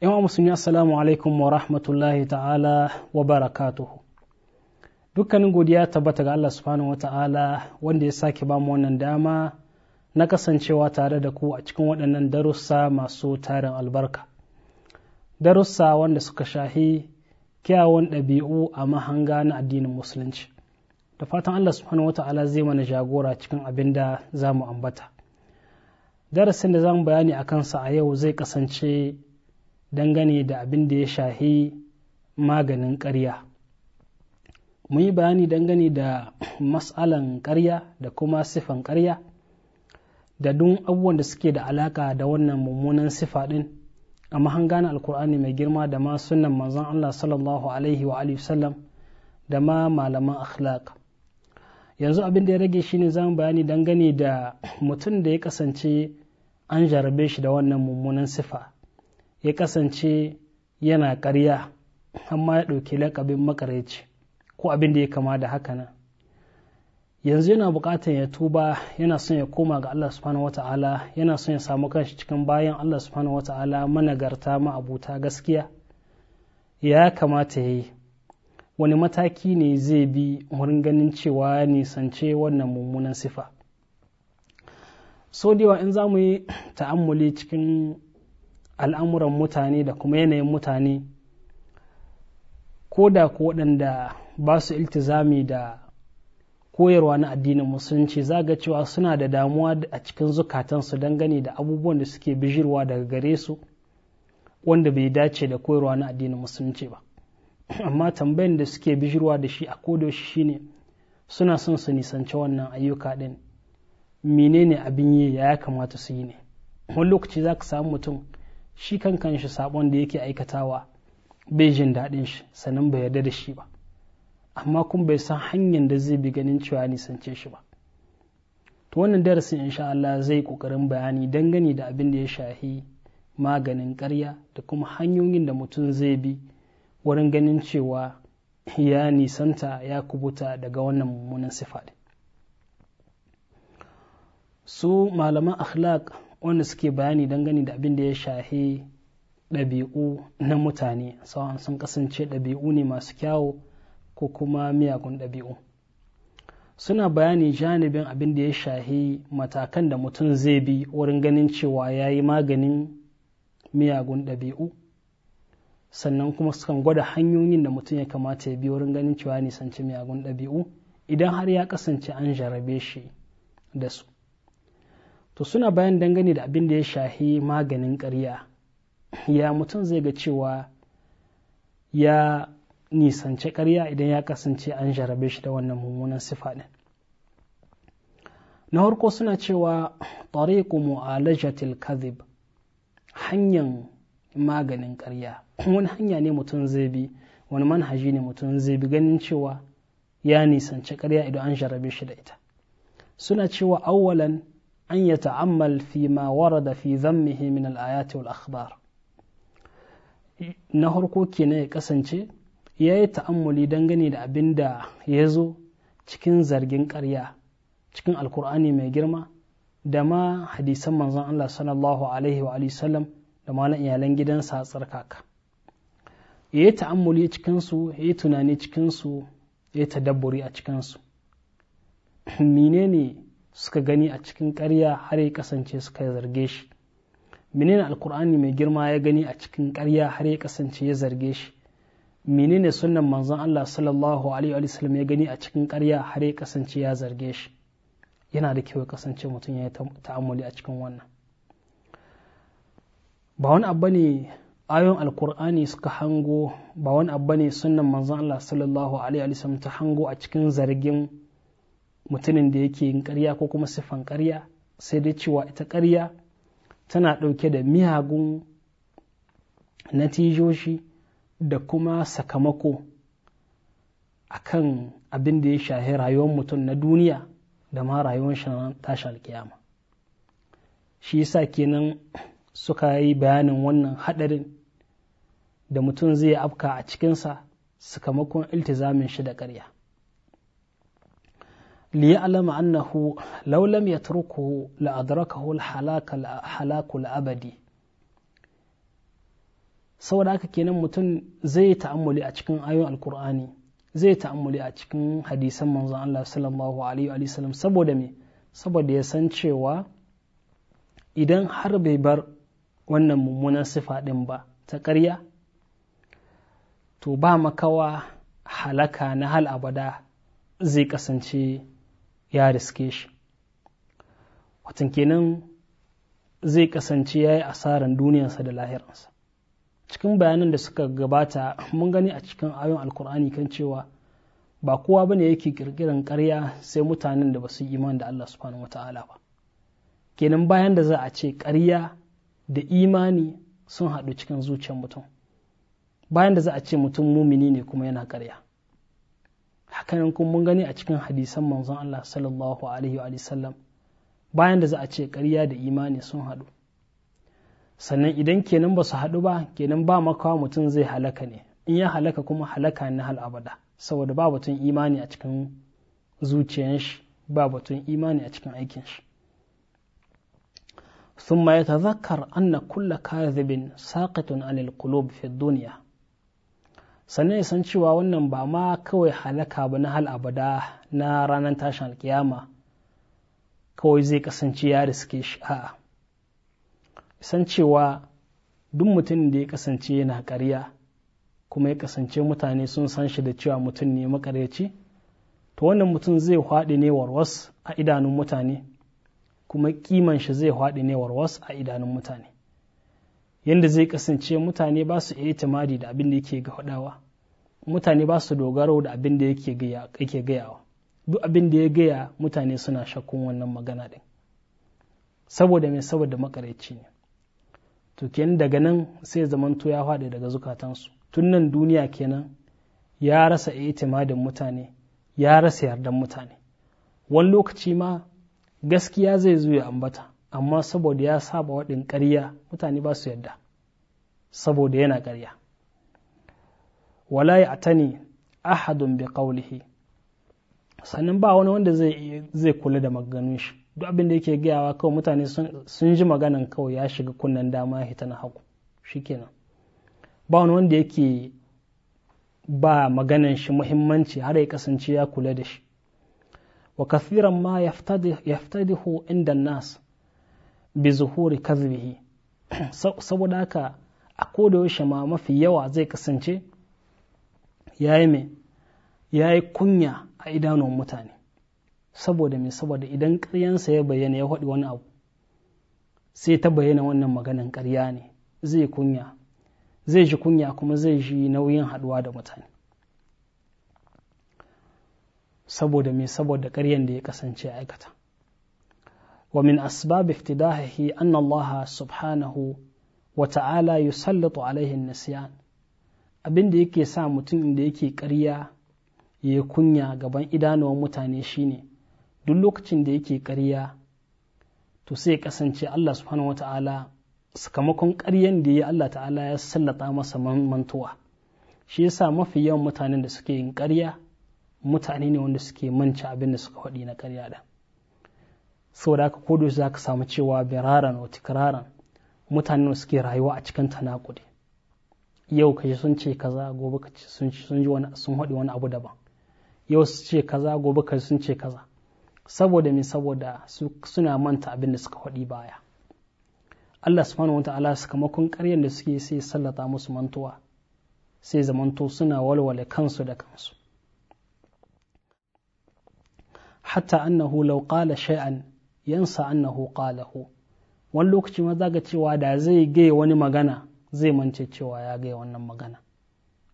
yan musulmi assalamu alaikum wa rahmatullahi ta'ala wa barakatuhu dukkanin godiya tabbata ga Allah subhanahu wa ta'ala wanda ya sake ba mu wannan dama na kasancewa tare da ku a cikin waɗannan darussa masu tarin albarka darussa wanda suka shahi kyawun ɗabi'u a mahanga na addinin musulunci da fatan Allah subhanahu wa ta'ala zai mana jagora cikin abin da za mu ambata darasin da za mu bayani a kansa a yau zai kasance dangane da abin da ya shahi maganin ƙarya mun yi bayani dangane da matsalan karya da kuma sifan karya da duk abubuwan da suke da alaka da wannan mummunan sifa ɗin a mahangana alkur'ani mai girma da ma sunan manzon Allah sallallahu alaihi wa sallam da ma malaman akhlaq yanzu abin da ya rage shine za zamu bayani dangane da mutum da ya kasance an jarabe shi da wannan mummunan sifa ya kasance yana karya, amma ya ɗauki laƙabin makaraici ko abin da ya kama da haka nan yanzu yana buƙatar ya tuba yana son ya koma ga Allah subhanahu wata'ala yana son ya samu kanshi cikin bayan Allah subhanahu wata'ala managarta ma'abuta gaskiya ya kamata ya yi wani mataki ne zai bi wurin ganin cewa ya nisance wannan mummunan sifa so da in za mu yi ta'ammuli cikin al'amuran mutane da kuma yanayin mutane ko da ko waɗanda ba su iltizami da koyarwa na addinin musulunci za ga cewa suna da damuwa a cikin zukatansu dangane da abubuwan da suke bijirwa daga gare su wanda bai dace da koyarwa na addinin musulunci ba amma tambayan da suke bijirwa da shi a kodoshi shine suna son su nisanci wannan ayyuka ɗin menene abin yi ya kamata su yi ne wani lokaci za ka samu mutum shi kan kanshi sabon da yake aikatawa bai jin daɗin shi sannan bai yarda da shi ba amma kuma bai san hanyar da zai bi ganin cewa nisance shi ba to wannan darasin insha Allah zai kokarin bayani dangane da abin da ya shahi maganin ƙarya da kuma hanyoyin da mutum zai bi wurin ganin cewa ya nisanta ya kubuta daga wannan mummunan sifa su malaman akhlaq wanda suke bayani gani da abin da ya shahi ɗabi'u na mutane sawan sun kasance ɗabi'u ne masu kyawu ko kuma miyagun ɗabi'u suna bayani janibin abin da ya shahi matakan da mutum zai bi wurin ganin cewa ya yi maganin miyagun ɗabi'u sannan kuma sukan gwada hanyoyin da mutum ya kamata ya bi wurin ganin cewa ya nisanci miyagun ɗabi'u idan har ya kasance an jarabe shi da su to suna bayan dangane da abin da ya shahi maganin karya ya mutum zai ga cewa ya nisance karya idan ya kasance an jarabe shi da wannan mummunan sifa na harko suna cewa tariqu mu'alajatil kadhib hanyar maganin karya. wani hanya ne mutum zai bi wani manhaji ne mutum zai bi ganin cewa ya nisance ƙarya idan an jarabe shi da ita suna cewa auwalan. an ya ta'ammal fi ma warada fi zammihi ذمه من wal akhbar. na harko kenan ya kasance ya yi ta'ammuli dangane da abin da ya zo cikin zargin karya cikin alkur'ani mai girma da ma hadisan manzon Allah sallallahu alaihi wa sallam da iyalan gidansa a tsarkaka ya yi ta'ammuli cikinsu ya yi tunani cikinsu ya yi tadabburi a cikinsu menene suka gani a cikin karya har ya kasance suka zarge shi menene alkur'ani mai girma ya gani a cikin karya har ya kasance ya zarge shi menene sunan manzon Allah sallallahu alaihi wa sallam ya gani a cikin ƙarya har ya kasance ya zarge shi yana da kyau ya kasance mutum ya yi ta'amuli a cikin wannan ba wani abu ne ayon alkur'ani suka hango ba wani abu ne sunan manzon Allah sallallahu alaihi wa sallam ta hango a cikin zargin mutumin da yake yin ƙarya ko kuma siffan ƙarya sai dai cewa ita ƙarya tana ɗauke da miyagun natijoshi da kuma sakamako akan abin da ya shahi rayuwar mutum na duniya da ma rayuwar shi na tashi alkiyama shi yasa kenan suka yi bayanin wannan haɗarin da mutum zai afka a cikinsa sakamakon iltizamin shi da ƙarya ليعلم أنه لو ya يتركه لأدركه الحلاك الحلاك الأبدي saboda haka kenan mutum zai ta'ammuli a cikin ayoyin alkur'ani zai ta'ammuli a cikin hadisan manzon Allah sallallahu alaihi wa sallam saboda me saboda ya san cewa idan har bai bar wannan mummunan sifa din ba ta karya, to ba makawa halaka na hal abada zai kasance ya riske shi watan kenan zai kasance ya yi asaran duniyarsa da lahiransa cikin bayanan da suka gabata mun gani a cikin ayon alkur'ani kan cewa ba kowa bane yake kirkiran karya sai mutanen da ba su iman da Allah subhanahu wata'ala ba kenan bayan da za a ce karya da imani sun haɗu cikin zuciyar mutum bayan da za a ce mutum mumini ne kuma yana ƙarya hakanan kuma mun gani a cikin hadisan manzon Allah sallallahu alaihi wa sallam bayan da za a ce ƙarya da imani sun haɗu sannan idan kenan ba su haɗu ba kenan ba makawa mutum zai halaka ne in ya halaka kuma halaka na hal abada saboda ba batun imani a cikin zuciyan shi ba batun imani a cikin aikin shi ثم يتذكر أن كل كاذب ساقط على القلوب في الدنيا sannan ya san cewa wannan ba ma kawai halaka ba na hal abada na ranar tashin alkiyama kawai zai kasance ya riske shi a'a san cewa duk mutumin da ya kasance yana ƙarya kuma ya kasance mutane sun san shi da cewa mutum ne makaryaci to wannan mutum zai haɗe ne warwas a idanun mutane kuma kiman shi zai haɗe ne warwas a idanun mutane yadda zai kasance mutane ba su itimadi da abin da yake ga hudawa mutane ba su dogaro da abin da yake gayawa duk abin da ya gaya mutane suna shakkun wannan magana din saboda mai saboda makaraici ne to kenan daga nan sai zamanto ya faɗi daga zukatansu tun nan duniya kenan ya rasa itimadin mutane ya rasa yardan mutane wani lokaci ma gaskiya zai zo ya ambata amma saboda ya saba waɗin ƙarya mutane ba su yadda saboda yana ƙarya wala ya atani ahadun bi ƙaulihi sannan ba wani wanda zai kula da maganin shi duk abin da yake gayawa kawai mutane sun ji maganan kawai ya shiga kunnen dama ya hita na shi shikenan ba wani wanda yake ba maganan shi muhimmanci har ya kasance ya kula da shi wa kathiran ma yaftadihu inda nas bi zuhuri kazbihi saboda haka a koda yaushe ma mafi yawa zai kasance yayi mai yayi kunya a idanun mutane saboda me saboda idan ƙaryansa ya bayyana ya faɗi wani abu sai ta bayyana wannan maganan ƙarya ne zai kunya zai ji kunya kuma zai ji nauyin haɗuwa da mutane saboda me saboda ƙaryan da ya kasance a aikata ومن أسباب افتداحه أن الله سبحانه وتعالى يسلط عليه النسيان abin da yake sa mutum da yake ƙarya ya kunya gaban idanuwan mutane shine duk lokacin da yake ƙarya to sai kasance Allah subhanahu ta'ala sakamakon ƙaryan da ya Allah ta'ala ya sallata masa mantuwa shi yasa mafi yawan mutanen da suke yin ƙarya mutane ne wanda suke manci abin da suka faɗi na ƙarya da Sau da aka kodo za ka samu cewa biraran wa tikraran mutanen suke rayuwa a cikin tanakudi yau ka sun ce kaza gobe ka ce sun ji wani sun haɗe wani abu daban yau su ce kaza gobe ka sun ce kaza saboda me saboda suna manta abin da suka haɗi baya Allah subhanahu wa ta'ala sakamakon ƙaryar da suke sai sallata musu mantuwa sai zamanto suna walwale kansu da kansu hatta annahu law qala shay'an yansa annahu qalahu wani lokaci ma zaka cewa da zai gaya wani magana zai mance cewa ya gaya wannan magana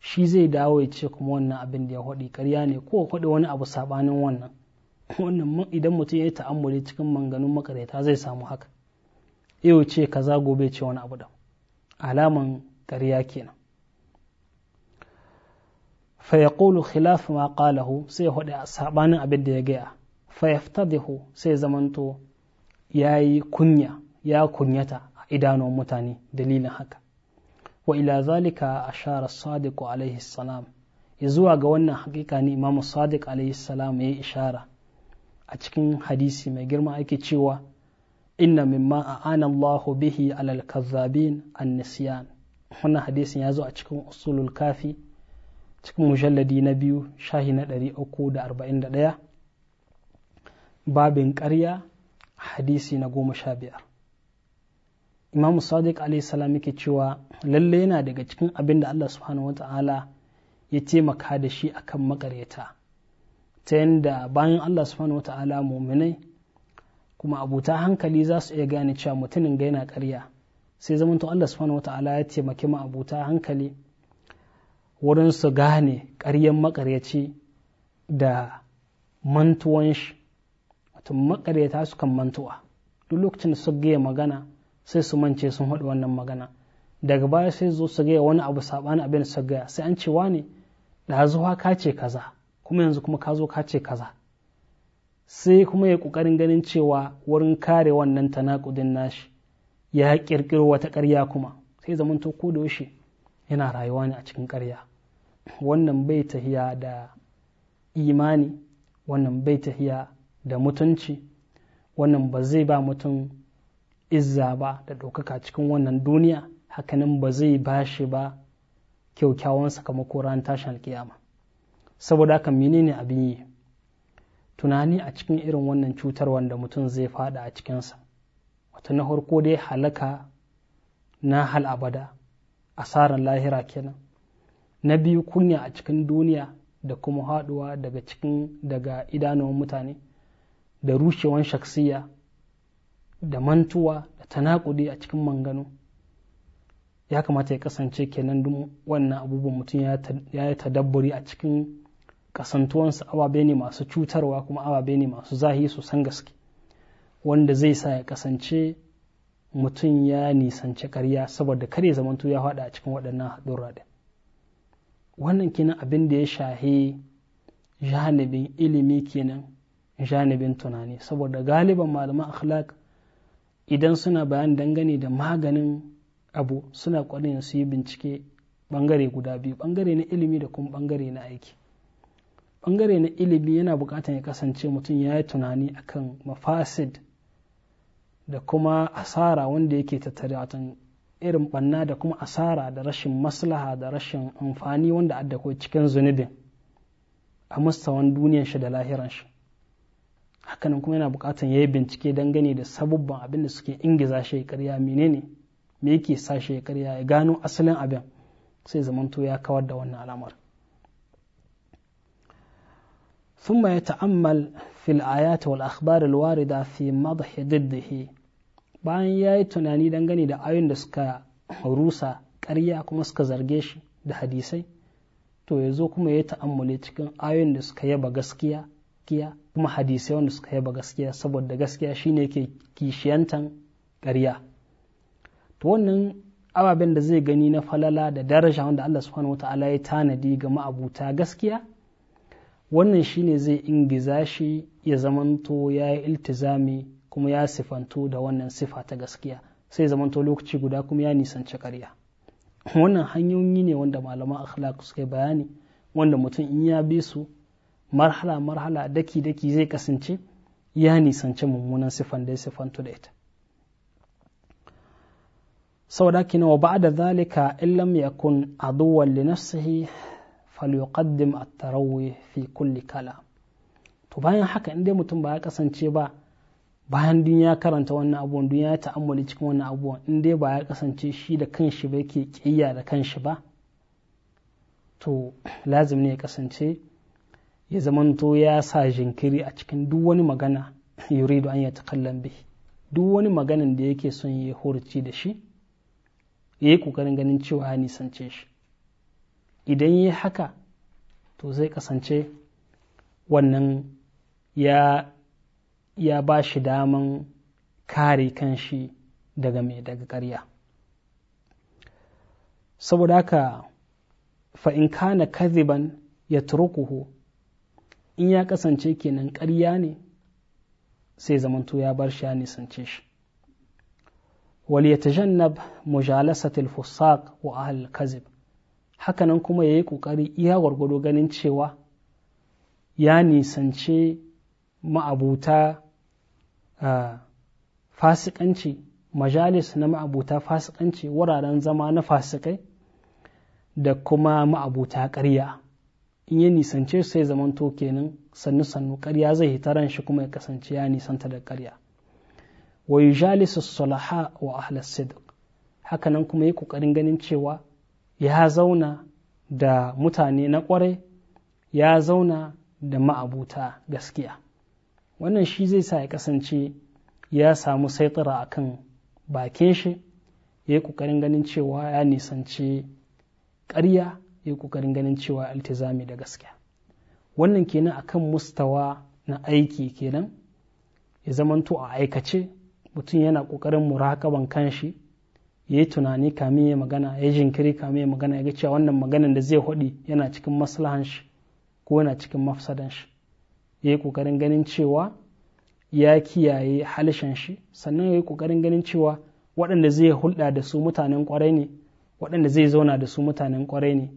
shi zai dawo ya ce kuma wannan abin da ya haɗi ƙarya ne ko haɗi wani abu sabanin wannan wannan idan mutum ya yi ta'ammuli cikin manganun makareta zai samu haka yau ce kaza gobe ce wani abu da alaman ƙarya kenan fa yaqulu khilaf ma qalahu sai ya sabanin saɓanin abin da ya gaya fayaftadihu sai zamanto ya yi kunya ya kunyata a idanun mutane dalilin haka wa ila zalika ashara sadiq alaihi salam ya zuwa ga wannan hakika ne imamu sadiq alaihi salam ya ishara a cikin hadisi mai girma ake cewa inna mimma a'ana Allahu bihi alal kazzabin an-nisyan wannan hadisin ya zo a cikin usulul kafi cikin mujalladi na biyu shahi na 341 babin karya hadisi na goma sha biyar imamu sadiq alaihissalam yake cewa lalle yana daga cikin abin da allah subhanahu wata'ala ya taimaka da shi akan makaryata ta yadda bayan allah subhanahu wata'ala muminai kuma abuta hankali za su iya gane cewa mutumin ga yana ƙarya sai zamanto allah subhanahu wata'ala ya taimaki ma abuta hankali wurin su gane ƙaryan makaryaci da mantuwan shi tun makaryata su kan mantuwa duk lokacin da su gaya magana sai su mance sun haɗu wannan magana daga baya sai zo su gaya wani abu saɓani abin su gaya sai an ce ne ɗazuwa ka ce kaza kuma yanzu kuma ka zo ka ce kaza sai kuma ya ƙoƙarin ganin cewa wurin kare wannan ta tanakudin nashi ya ƙirƙiro wata ƙarya kuma sai zamanto ko da yaushe yana rayuwa ne a cikin ƙarya wannan bai tahiya da imani wannan bai tahiya da mutunci wannan ba zai ba mutum izza ba da ɗaukaka cikin wannan duniya hakanan ba zai ba shi ba kyaukyawan sakamako ran tashin alkiyama saboda haka menene abin yi tunani a cikin irin wannan cutar wanda mutum zai fada a cikinsa wata na farko dai halaka na hal abada asarar lahira kenan na biyu kunya a cikin duniya da kuma haɗuwa daga cikin daga idanuwan mutane da rushewan shaksiya da mantuwa da tanakudi a cikin mangano ya kamata ya kasance kenan duk wannan abubuwan mutum ya yi tadabburi a cikin kasantuwansa ababe ne masu cutarwa kuma ababe ne masu zahi sosan gaske wanda zai sa ya kasance mutum ya nisanci karya saboda kare zamantu ya haɗa a cikin waɗannan haɗurra wannan kenan abin da ya shahe janibin ilimi kenan janibin tunani saboda galiban malaman akhlaq idan suna bayan dangane da maganin abu suna kwarin su yi bincike bangare guda biyu bangare na ilimi da kuma bangare na aiki bangare na ilimi yana bukatar ya kasance mutum ya yi tunani akan mafasid da kuma asara wanda yake tattare watan irin ɓanna da kuma asara da rashin maslaha da rashin amfani wanda adda cikin zunubin a mustawan duniyar shi da lahiran shi hakanan kuma yana bukatan ya yi bincike dangane da sabubban abin da suke ingiza shi ya karya menene me yake sa shi ya karya ya gano asalin abin sai zamanto ya kawar da wannan alamar ثم يتأمل في الآيات والأخبار الواردة في مدح ضده bayan ya yi tunani dangane da ayoyin da suka rusa karya kuma suka zarge shi da hadisai to ya zo kuma ya ta'ammule cikin ayoyin da suka yaba gaskiya gaskiya kuma hadisai wanda suka yaba gaskiya saboda gaskiya shine ke kishiyantan ƙarya to wannan ababen da zai gani na falala da daraja wanda Allah subhanahu wata'ala ya tanadi ga ma'abuta gaskiya wannan shine zai ingiza shi ya zamanto ya yi iltizami kuma ya sifanto da wannan sifa ta gaskiya sai zamanto lokaci guda kuma ya nisanci ƙarya wannan hanyoyi ne wanda malaman akhlaq suka bayani wanda mutum in ya bi su marhala marhala daki daki zai kasance ya nisanci mummunan siffan da ya siffanto da ita da kina wa ba'ada zalika in lam yakun aduwan li nafsihi falyuqaddim at-tarawih fi kulli kala. to bayan haka in dai mutum ba ya kasance ba bayan duniya ya karanta wannan abubuwan duniya ya ta'amali cikin wannan abubuwan in dai ba ya kasance shi da kanshi ba yake kiyya da kanshi ba to lazim ne ya kasance ya zamanto ya sa jinkiri a cikin duk wani magana yuridu an yi kallon bi duk wani maganan da yake son ya horci da shi ya yi ƙoƙarin ganin cewa ya nisance shi idan ya haka to zai kasance wannan ya ba shi daman kare kanshi daga mai daga ƙarya saboda haka fa'in kana kaziban ya turukuhu in ya kasance kenan ƙarya ne sai zamanto ya bar shi ya nisance shi wal yatajannab mujalasat al fusaq wa ahl al kazib hakanan kuma yayi kokari iya gwargwado ganin cewa ya nisance ma'abuta fasikanci majalis na ma'abuta fasikanci wuraren zama na fasikai da kuma ma'abuta ƙarya in ya nisance sai zamanto kenan sannu sannu ƙarya zai hita ran shi kuma ya kasance ya nisanta da karya. wa yujalisu salaha wa ahlas sidq hakanan kuma yi ƙoƙarin ganin cewa ya zauna da mutane na ƙwarai ya zauna da ma'abuta gaskiya wannan shi zai sa ya kasance ya samu saitara a kan bakin shi ya yi ƙoƙarin ganin cewa ya nisance ƙarya yi kokarin ganin cewa altizami da gaskiya wannan kenan akan mustawa na aiki kenan ya zamanto a aikace mutum yana kokarin murakaban kanshi ya yi tunani kamin ya magana ya jinkiri kamin ya magana ya ga cewa wannan maganan da zai hudi yana cikin maslahan shi ko yana cikin mafsadan shi ya yi kokarin ganin cewa ya kiyaye halishan shi sannan ya yi kokarin ganin cewa waɗanda zai hulɗa da su mutanen kwarai ne waɗanda zai zauna da su mutanen kwarai ne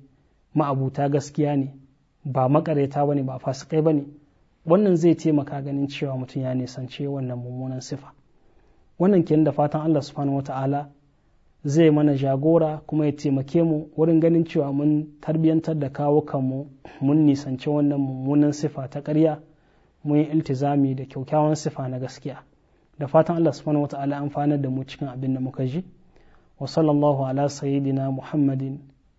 ma'abuta gaskiya ne ba makareta bane ba fasikai bane wannan zai taimaka ganin cewa mutum ya nisance wannan mummunan sifa wannan kenan da fatan Allah subhanahu wata'ala zai mana jagora kuma ya taimake mu wurin ganin cewa mun tarbiyantar da kawo kanmu mun nisance wannan mummunan sifa ta karya mun yi iltizami da kyaukyawan sifa na gaskiya da fatan Allah subhanahu wata'ala amfanar da mu cikin abin da muka ji wa sallallahu ala sayyidina muhammadin